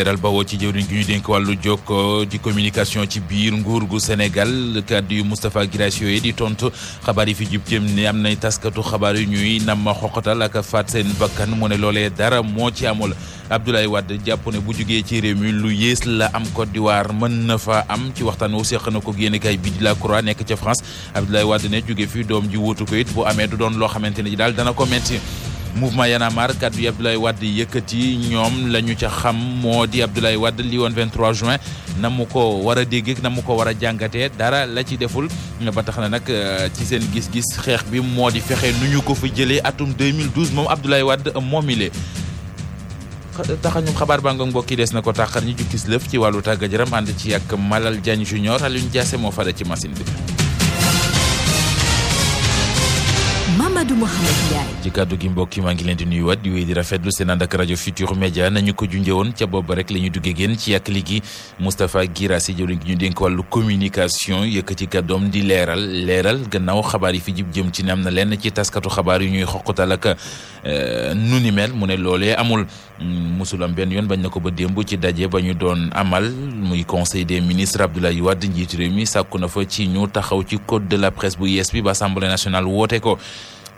leeral bawoo ci jëwriñ gi ñu dénk wàllu jokko di communication ci biir nguur gu Sénégal kàddu yu Moustapha grace yooyu di tontu xabaar yi fi jub jëm ni am nay taskatu xabaar yu ñuy nam ma xoqatal ak faat seen bakkan mu ne loolee dara moo ci amul Abdoulaye Wade jàpp ne bu jugee ci réew mi lu yées la am Côte d'Ivoire mën na fa am ci waxtaan wu seq na ko génnekaay bi di La Croix nekk ca France Abdoulaye Wade ne jóge fi doom ji wuutu ko it bu amee du doon loo xamante ne ji daal dana ko metti mouvement Y'en a marre kàddu yi Abdoulaye Wade yëkkati ñoom lañu ca xam moo di Abdoulaye Wade li woon 23 juin na mu ko war a dégg na mu ko war a jàngatee dara la ci deful ba tax na nag euh, ci seen gis-gis xeex bi moo di fexe nu ñu ko fa jëlee atum 2012 moom Abdoulaye Wade moomile. taxañum xabaar baa nga mbokk yi des na ko taxar ñu jukkis lëf ci wàllu tàggat yaram ànd ci ak Malal Diagne Junior Alioune Diassé moo fare ci machine bi. Amadou Mohamed ci kàddu gi mbokk yi maa ngi leen di nuyuwaat di wéy di rafetlu seen ànd ak rajo Futur Média nañu ko junjëwoon ca booba rek la ñu duggee génn ci yàq ligi Moustapha Guirassy jëwriñ gi ñu dénk wàllu communication yëkkati kàddoom di leeral leeral gannaaw xabaar yi fi jib jëm ci ne am na lenn ci taskatu xabaar yu ñuy xoqatal ak euh, nu ni mel mu ne loolee amul hmm, musul am benn yoon bañ na ko ba démb ci daje ba ñu doon amal muy conseil des ministres Abdoulaye Wade njiitu réew mi sàkku na fa ci ñu taxaw ci code de la presse bu yees bi ba assemblée nationale woote ko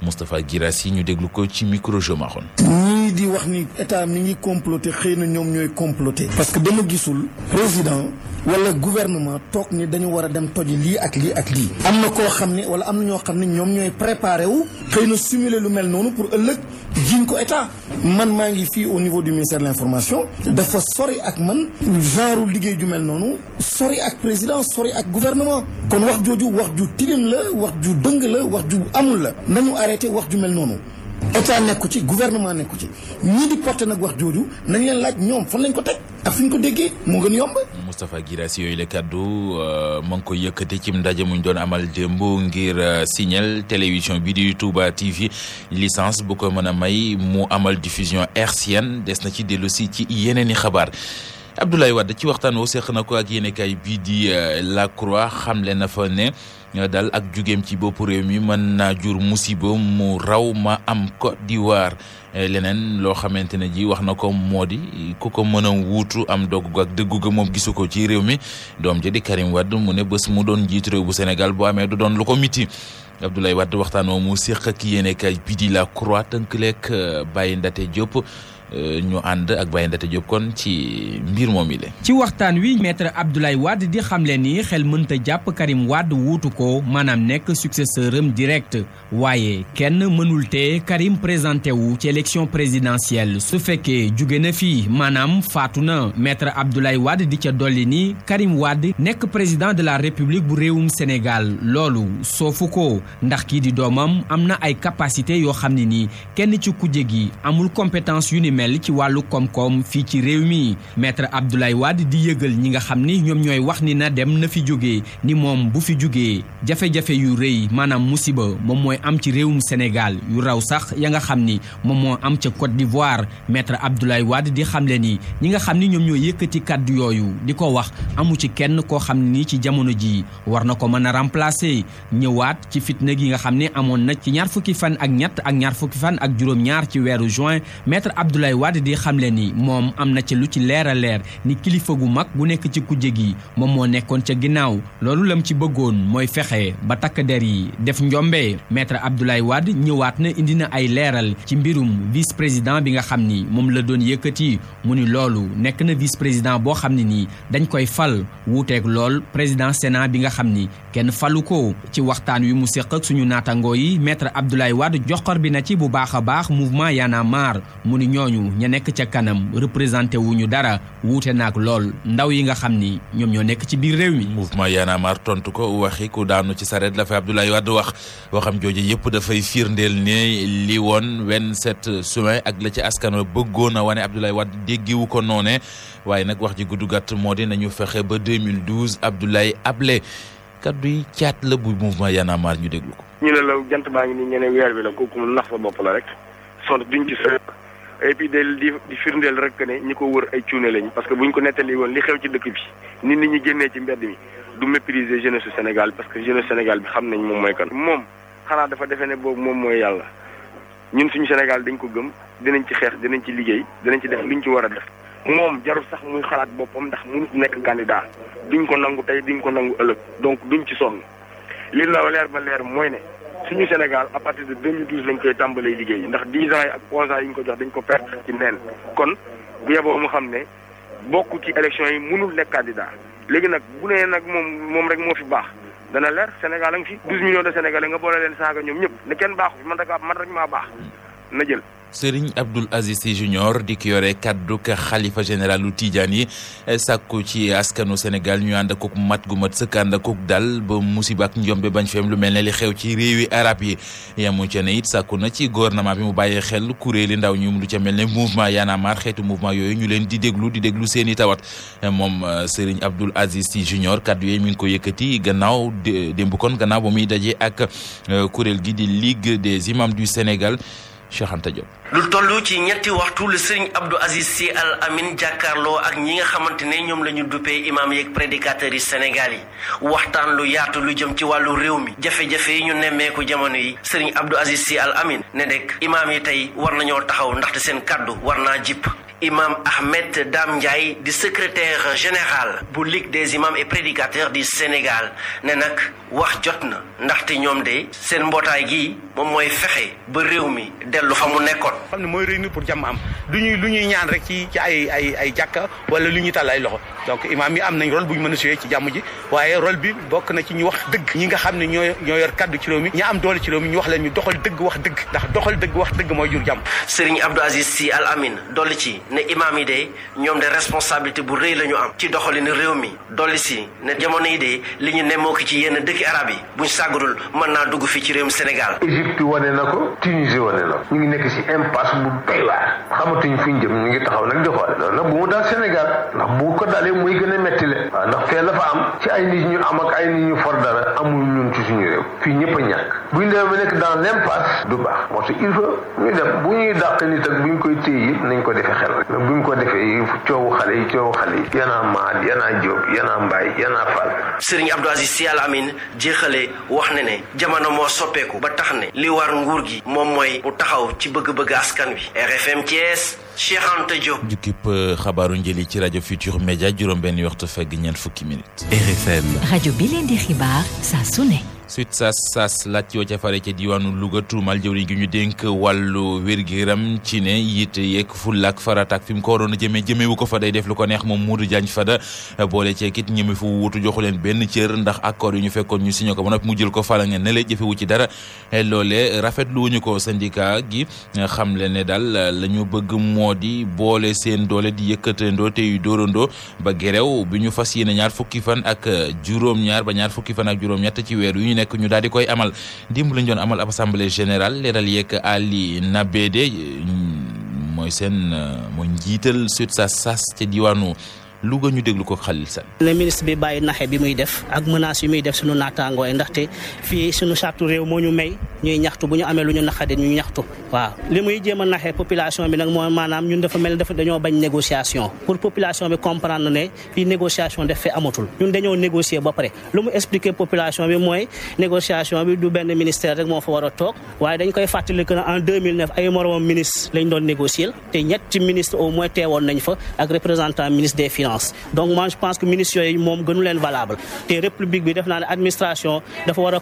Moustapha Guirassi ñu déglu ko ci micro jeu maxoon ñii di wax ni état mi ngi comploté xëy na ñoom ñooy comploté parce que dama gisul président wala gouvernement toog ni dañu war a dem toji lii ak lii ak lii am na koo xam ne wala am na ñoo xam ne ñoom ñooy préparé wu xëy na simuler lu mel noonu pour ëllëg jiñ ko état man maa ngi fii au niveau du ministère de l'information dafa sori ak man genre liggéey ju mel noonu sori ak président sori ak gouvernement kon wax jooju wax ju tilim la wax ju dëng la wax ju amul la nañu arrêté wax ju mel noonu état nekku ci gouvernement nekku ci ñii di porté nag wax jooju nañ leen laaj ñoom fan lañ ko teg ak fi ñu ko déggee moo gën yomb. Moustapha Guirassy yooyu la kaddu euh, mu ngi ko yëkkati ci ndaje mu ñu doon amal démb ngir euh, signal télévision bi di Touba TV licence bu ko mën a may mu amal diffusion hertzienne des na ci dellusi ci yeneen i xabaar. Abdoulaye Wade ci waxtaan woo seq na ko ak yéenekaay bii di euh, La Croix xamle na fa ne euh, daal ak jugeem ci bopp réew mi mën naa jur musiba mu raw ma am Côte d'Ivoire euh, leneen loo xamante ne ji wax na ko moo di ku ko mën a wuutu am dogg ak dëggu ga moom gisu ko ci réew mi doom ja di Karim Wade mu ne bés mu doon njiitu réew bu senegal boo amee du doon lu ko miti Abdoulaye Wade waxtaan woo mu séq ak yéenekaay bii di La Croix tënk lekk bàyyi Ndate Diop Euh, ñu ànd ak Baye Ndate Diop kon ci mbir moom ile ci waxtaan wi maître Abdoulaye Wade di xamle ni xel mënta jàpp Karim Wade wuutu ko maanaam nekk successeur am direct waaye kenn mënul te Karim présenté wu ci élection présidentielle su fekkee jóge na fii maanaam faatu na maître Abdoulaye Wade di ca dolli ni Karim Wade nekk président de la république bu réewum Sénégal loolu soofu ko ndax kii di doomam am na ay capacité yoo xam ne nii kenn ci kujje gi amul compétence yu ni mel ci wàllu koom-koom fii ci réew mi maître Abdoulaye Wade di yëgal ñi nga xam ni ñoom ñooy wax ni na dem na fi jógee ni moom bu fi jógee jafe-jafe yu rëy maanaam musiba moom mooy am ci réewum Sénégal yu raw sax ya nga xam ni moom moo am ca Côte d'Ivoire maître Abdoulaye Wade di xamle ni ñi nga xam ni ñoom ñooy yëkkati kàddu yooyu di ko wax amu ci kenn koo xam ni ci jamono ji war na ko mën a remplacer ñëwaat ci fitna gi nga xam ne amoon na ci ñaar fan ak ñett ak ñaar fan ak juróom ci weeru juin Abdoulaye Wade di xamle ni moom am na ci lu ci leer leer ni kilifa gu mag gu nekk ci kujje gi moom moo nekkoon ca ginnaaw loolu lam ci bëggoon mooy fexe ba takk der yi def njombe maître Abdoulaye Wade ñëwaat na indi na ay leeral ci mbirum vice président bi nga xam ni moom la doon yëkkati mu ni loolu nekk na vice président boo xam ne nii dañ koy fal wuuteeg lool président Sénat bi nga xam ni kenn falu ko ci waxtaan wi mu séq suñu naatangoo yi maître Abdoulaye Wade joxor bi na ci bu baax baax mouvement Y en a mu ni ñooñu ñooñu ña nekk ca kanam représenté wu ñu dara wuute naak lool ndaw yi nga xam ni ñoom ñoo nekk ci biir réew mi. mouvement Y en a tontu ko waxi ku daanu ci sareet la fa Abdoulaye Wade wax waxam jooju yëpp dafay fiir ndeel ne li woon wenn set sumay ak la ci askan wa bëggoon a wane Abdoulaye Wade déggewu ko noone waaye nag wax ji gudd gàtt moo di nañu fexe ba 2012 Abdoulaye Ablé kaddu yi caat la bu mouvement Y en a marre ñu déglu ko. ñu ne la jant baa ngi nii ñeneen weer la kooku et puis de di di firndeel rek ne ñi ko wër ay cuune lañ parce que buñ ko nettali woon li xew ci dëkk bi nit nit ñi génnee ci mbedd mi du mépriser jeunesse su Sénégal parce que jeunesse Sénégal bi xam nañ moom mooy kan. moom xanaa dafa defee ne boobu moom mooy yàlla ñun suñu Sénégal dañ ko gëm dinañ ci xeex dinañ ci liggéey dinañ ci def lu ñu ci war a def. moom jarul sax muy xalaat boppam ndax mu nekk candidat duñ ko nangu tey du duñ ko nangu ëllëg donc duñ ci sonn li la leer ba leer mooy ne. suñu Sénégal à partir de 2012 lañ koy tàmbalee liggéey ndax 10 ans yi ak 11 ans yi ñu ko jox dañ ko perte ci neen kon bu yeboo mu xam ne bokk ci élection yi mënul nekk candidat léegi nag bu nee nag moom moom rek moo fi baax dana leer Sénégal a ngi fi 12 millions de Sénégalais nga boole leen saaga ñoom ñëpp ne kenn baaxu fi man rek man rek maa baax na jël. Serigne Abdoul Aziz Sy Junior di ki yore kàdduk xalifa général lu Tijaan yi eh, sàkku ci askanu Sénégal ñu ànd akuk mat gu mat sëkk ànd akuk dal ba musiba ak njombe bañ feem lu mel ne li xew ci réewi arab yi yamu ca ne it sàkku na ci gouvernement bi mu bàyyee xel kuréeli ndaw ñu lu ca mel ne mouvement Y'en a marre mouvement yooyu ñu leen di déglu di déglu seeni tawat eh, moom eh, Serigne Abdoul Aziz Sy Junior kaddu yooyu mi ngi ko yëkkati gannaaw démb kon gannaaw ba muy dajee ak kuréel gi di Ligue des imams du Sénégal Cheikh Anta Diop. lu toll ci ñetti waxtu la sëriñ Abdou Aziz Sy Al Amin jàkkaarloo ak ñi nga xamante ne ñoom la ñu duppee imaam yeeg prédicateurs yi Sénégal yi waxtaan lu yaatu lu jëm ci wàllu réew mi jafe-jafe yi ñu nemmeeku jamono yi sëriñ Abdou Aziz Sy Al Amin ne dek imaam yi tey war nañoo taxaw ndaxte seen kàddu war naa jipp imam Ahmed Dame Ndiaye di secrétaire général bu Ligue des imams et prédicateurs di Sénégal ne nag wax jot na ndaxte ñoom de seen mbootaay gi moom mooy fexe ba réew mi dellu fa mu nekkoon. xam ne mooy réunir pour jàmm am du ñuy lu ñuy ñaan rek ci ci ay ay ay jàkka wala lu ñuy tàll ay loxo donc imam yi am nañ rôle bu ñu mën a suyee ci jàmm ji waaye rôle bi bokk na ci ñu wax dëgg. ñi nga xam ne ñoo ñoo yor kaddu ci réew mi ñi am doole ci réew mi ñu wax leen ñu doxal dëgg wax dëgg ndax doxal dëgg wax dëgg mooy jur jàmm. Serigne Abdou Aziz Sy Al Amin dolli ci. ne imaam yi de ñoom de responsabilité bu rëy la ñu am ci doxalinu réew mi dolli si ne jamono yi de li ñu nemmoo ki ci yenn dëkki arab yi buñ sàggadul mën naa dugg fii ci réewum Sénégal Égypte wane na ko Tunisie wane na ko ñu ngi nekk si impasse bu doy waar xamatuñ fi ñu jëm ñu ngi taxaw nag di xool loolu nag bu mu daal Sénégal ndax bu ko dalee muy gën a metti le waaw ndax fee la fa am ci ay nit ñu am ak ay nit ñu for dara amul ñun ci suñu réew fii ñëpp a bu ñu demee ba nekk dans l'impasse du baax moo tax il faut ñu dem bu ñuy dàq nit ak bu ñu koy téye yëpp nañ ko defee xel mais bu ñu ko defee coowu xale yi coowu xale yi yanaa maat yanaa jóob yanaa mbaay yanaa fal sëriñ Abdou Aziz Sy Al Amine jéexale wax ne ne jamono moo soppeeku ba tax ne li war nguur gi moom mooy mu taxaw ci bëgg-bëgg askan wi RFM Thiès Cheikh Anta Diop jukkib euh, xabaaru njëli ci rajo Futur Média juróom benn waxtu fegg ñeent fukki minutes suite sas sas laaj yoo ca fare ca diwaanu Louga tuumal jëwriñ gi ñu dénk wàllu wér-gi-yaram ci ne it yeeg fullaak farataak fi mu ko waroon a jëmee jëmeewu ko fa day def lu ko neex moom Modou Diagne Fada boole ceek it ñëmi fu wutu joxu leen benn cër ndax accord yi ñu fekkoon ñu signé ko ba noppi mu jël ko fala nga ne le jëfewu ci dara loole rafetlu wuñu ko syndicat gi xam le ne daal la ñu bëgg moo di boole seen doole di yëkkatandoo tey doorandoo ba gerew bi ñu fas ne ñaar fukki fan ak juróom-ñaar ba ñaar fukki fan ak juróom-ñett ci weer yu nekk ñu daal di koy amal dimb ñu doon amal ab assemblée générale leeral yeeg Ali Nabédé euh, mooy seen euh, mooy njiital sut sa sas ca diwaanu Louga ñu déglu ko Khalil Sène bàyyi naxe bi muy def ak menace yi muy def suñu naataangoo yi ndaxte fii suñu charte réew moo ñu may ñuy ñaxtu bu ñu amee lu ñu naxade ñu ñaxtu waaw li muy jéem bi nag mooy maanaam ñun dafa mel ne dafa dañoo bañ négociation pour population bi comprendre ne fii négociation def fee amatul ñun dañoo négocier ba pare lu mu expliquer population bi mooy négociation bi du benn ministère rek moo fa war a toog waaye dañ koy fàttali que en a ay moromam ministre lañ doon négocier te ñetti ministre au moins teewoon nañ fa ak représentant ministre des finances confiance donc moi je pense que ministres yooyu moom gënu valable te république bi def naa administration dafa war a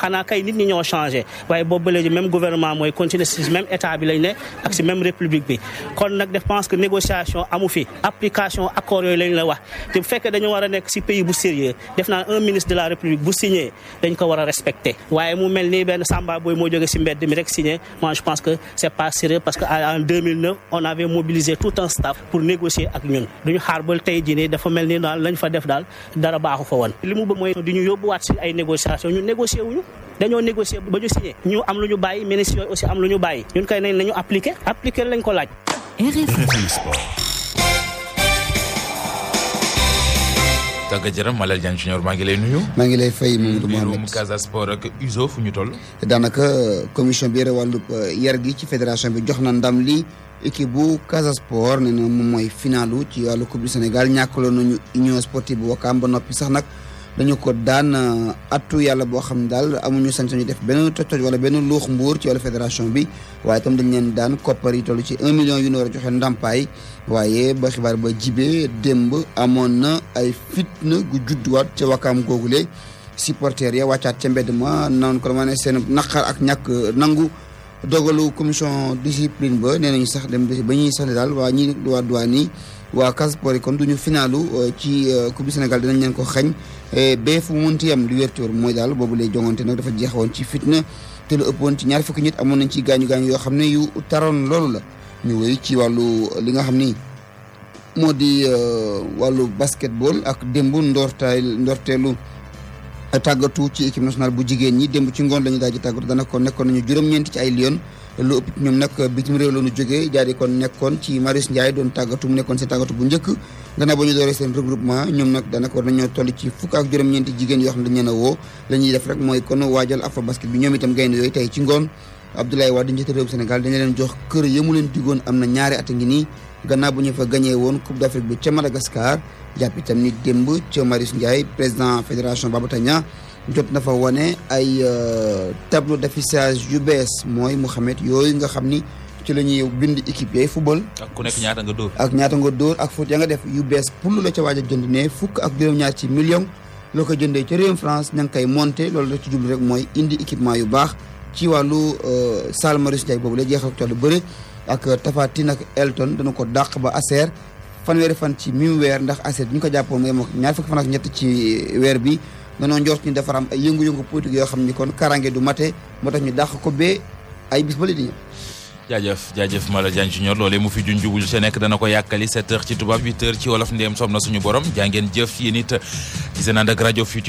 xanaa kay nit ñoo changé waaye boobu ba léegi même gouvernement mooy continuer si même état bi lañ ne ak si même république bi kon nag je pense que négociation amu fi application accord yooyu lañ la wax te bu fekkee dañu war nekk si pays bu sérieux def naa un ministre de la république bu si mbedd mi rek signé moi parce que en tey jii nii dafa mel ni daal lañ fa def daal dara baaxu fa woon li mu bëgg mooy di ñu yóbbuwaat si ay négociation ñu négocier wuñu dañoo négocier ba ñu signé ñu am lu ñu bàyyi ministre yooyu aussi am lu ñu bàyyi ñun kay nañ nañu appliquer appliquer lañ ko laaj tàggat jërëm Malal maa ngi lay nuyu. maa ngi lay fay Mamadou Mohamed mbirum Casa fu ñu toll. daanaka commission bi yore wàllu eh, yar gi ci fédération bi jox na ndam lii. équipe bu Casa Sport nee na moom mooy finalu ci wàllu coupe du Sénégal ñàkkaloon nañu union sportive bu Wakaam ba noppi sax nag dañu ko daan euh, attu yàlla boo xam ne daal amuñu sañ-sañu def benn toj-toj wala benn luux mbuur ci wàllu fédération bi waaye itam dañ leen daan koppar yi toll ci un million yu ñu war a waaye ba xibaar ba jibee démb amoon na ay fitna gu judduwaat ca Wakaam googule supporters ya wàccaat ca mbedd ma naan ko ma ne seen naqar ak ñàkk nangu. dogalu commission discipline ba nee ñu sax dem ba ñuy sax ne daal waa ñi waa douane yi waa Casa Sport kon ñu finalu euh, ci euh, coupe du Sénégal dinañ leen ko xañ ba fu mu mënti am li wértuwar mooy daal boobu lay jongante nag dafa jeexoon ci fitna te lu ëppoon ci ñaar fukki nit amoon nañ ci gaañu gaañu yoo xam ne yu taroon loolu la ñu wéy ci wàllu li nga xam ni moo di euh, wàllu basketball ak démb ndoortaay ndoorteelu tàggatu ci équipe nationale bu jigéen ñi démb ci ngoon lañu ñu daal di tàggatu dana kon nekkoon nañu juróom-ñeenti ci ay Lions lu ëpp ñoom nag bitim réew la ñu jógee kon nekkoon ci Marius Ndiaye doon tàggatu mu nekkoon seen tàggatu bu njëkk gannaaw ba ñu dooree seen regroupement ñoom nag daanaka war nañoo toll ci fukk ak juróom-ñeenti jigéen yoo xam ne dañu leen a woo la ñuy def rek mooy kon waajal Afro basket bi ñoom itam gaynde yooyu tey ci ngoon Abdoulaye Wade njiitu réew Sénégal dañu leen jox kër yëmu leen digoon am na ñaari at ngi nii gannaaw bu ñu fa woon Coupe d'Afrique bi ca jàpp itam ni démb ca Marius Ndiaye président fédération Babatania jot na fa wane ay euh, tableau d'affichage yu bees mooy Mouhamed yooyu nga xam ni ci la ñuy bind équipe yay football. ak ku nekk ñaata nga dóor. ak ñaata nga dóor ak foot ya nga def yu bees pour la ca waaj a jënd ne fukk ak juróom-ñaar ci million loo ko jëndee ca réewum France ña ngi koy monté loolu la ci jublu rek mooy indi équipement yu baax ci wàllu euh, salle Marius Ndiaye boobu lay jeexal ak tool yu bëri ak Tapha Tine ak Elton dana ko dàq ba ACR. fanweeri fan ci mimu weer ndax assiette ñu ko jàppoon mu yem ak ñaar fukki fan ñett ci weer bi danoo njort ñu dafa ay yëngu-yëngu politique yoo xam ni kon karange du mate moo tax ñu dàq ko bee ay bis ba li jaajëf jaajëf Mala Diagne Junior loolee mu fi junj bu ca nekk dana ko yàkkali 7 heures ci tubaab bi heures ci wolof ndéem soob na suñu borom jaa jëf yéen it ci seen ànd rajo Futur